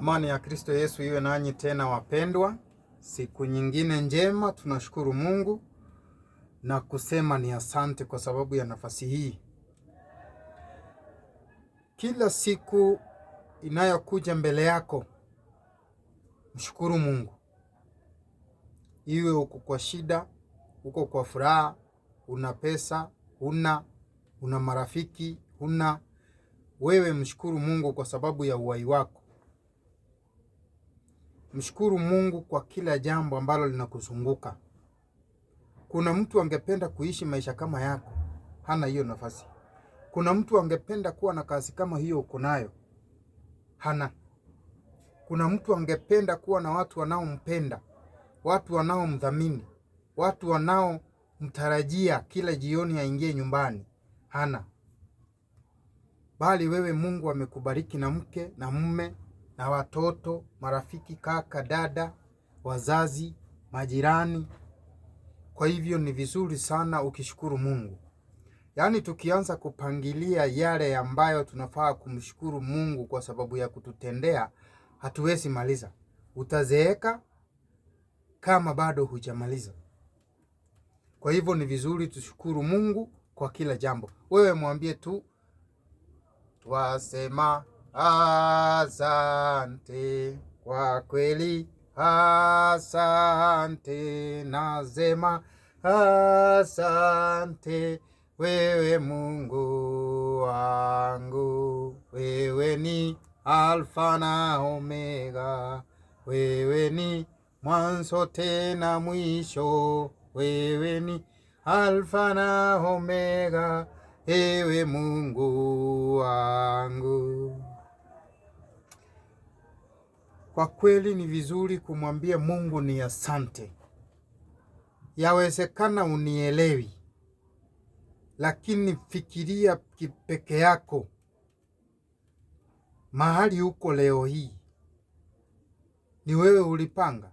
Amani ya Kristo Yesu iwe nanyi tena wapendwa. Siku nyingine njema, tunashukuru Mungu na kusema ni asante kwa sababu ya nafasi hii. Kila siku inayokuja mbele yako, mshukuru Mungu, iwe uko kwa shida, uko kwa furaha, una pesa, una una marafiki, una wewe, mshukuru Mungu kwa sababu ya uhai wako. Mshukuru Mungu kwa kila jambo ambalo linakuzunguka. Kuna mtu angependa kuishi maisha kama yako, hana hiyo nafasi. Kuna mtu angependa kuwa na kazi kama hiyo uko nayo, hana. Kuna mtu angependa kuwa na watu wanaompenda, watu wanaomdhamini, watu wanaomtarajia kila jioni aingie nyumbani, hana. Bali wewe Mungu amekubariki na mke na mume na watoto, marafiki, kaka, dada, wazazi, majirani. Kwa hivyo ni vizuri sana ukishukuru Mungu, yaani tukianza kupangilia yale ambayo tunafaa kumshukuru Mungu kwa sababu ya kututendea, hatuwezi maliza. Utazeeka kama bado hujamaliza. Kwa hivyo ni vizuri tushukuru Mungu kwa kila jambo. Wewe mwambie tu, twasema Asante kwa kweli, asante nasema, asante wewe Mungu wangu, wewe ni Alfa na Omega, wewe ni mwanzo tena mwisho, wewe ni Alfa na Omega, ewe Mungu wangu. Kwa kweli ni vizuri kumwambia Mungu ni asante. Yawezekana unielewi, lakini fikiria peke yako mahali uko leo hii, ni wewe ulipanga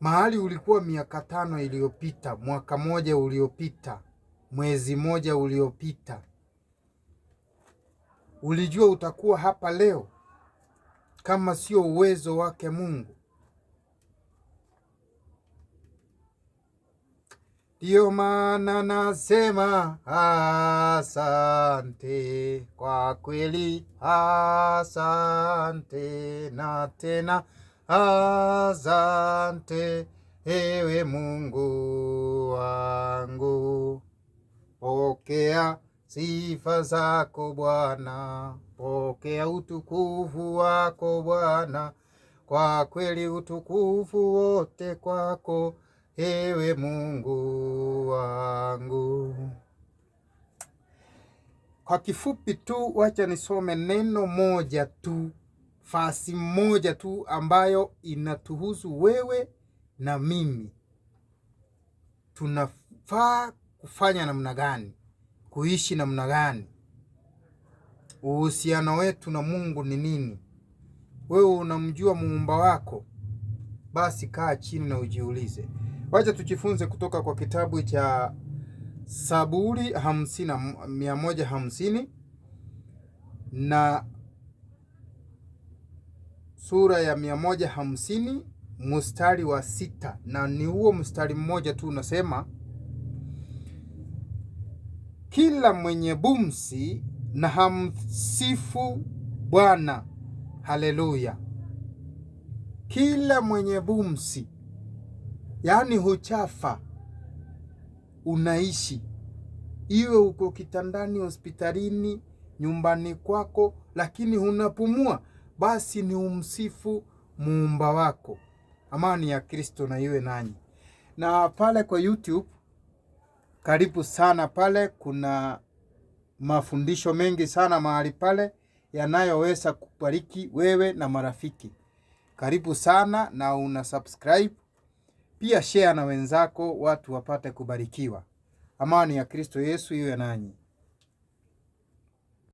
mahali ulikuwa miaka tano iliyopita, mwaka moja uliopita, mwezi moja uliopita. Ulijua utakuwa hapa leo? kama sio uwezo wake Mungu. Ndiyo maana nasema asante, kwa kweli asante, na tena asante, ewe Mungu wangu, pokea sifa zako Bwana. Pokea utukufu wako Bwana, kwa kweli utukufu wote kwako ewe Mungu wangu. Kwa kifupi tu, wacha nisome neno moja tu, fasi moja tu ambayo inatuhusu wewe na mimi. Tunafaa kufanya namna gani? Kuishi namna gani? uhusiano wetu na Mungu ni nini? Wewe unamjua muumba wako? Basi kaa chini na ujiulize. Wacha tujifunze kutoka kwa kitabu cha Saburi hamsini mia moja hamsini na sura ya mia moja hamsini mstari wa sita na ni huo mstari mmoja tu unasema, kila mwenye bumsi na hamsifu Bwana. Haleluya! Kila mwenye bumsi, yaani huchafa, unaishi iwe uko kitandani, hospitalini, nyumbani kwako, lakini unapumua, basi ni umsifu muumba wako. Amani ya Kristo na iwe nanyi. Na pale kwa YouTube, karibu sana pale, kuna mafundisho mengi sana mahali pale yanayoweza kubariki wewe na marafiki. Karibu sana na una subscribe pia, share na wenzako, watu wapate kubarikiwa. Amani ya Kristo Yesu iwe nanyi.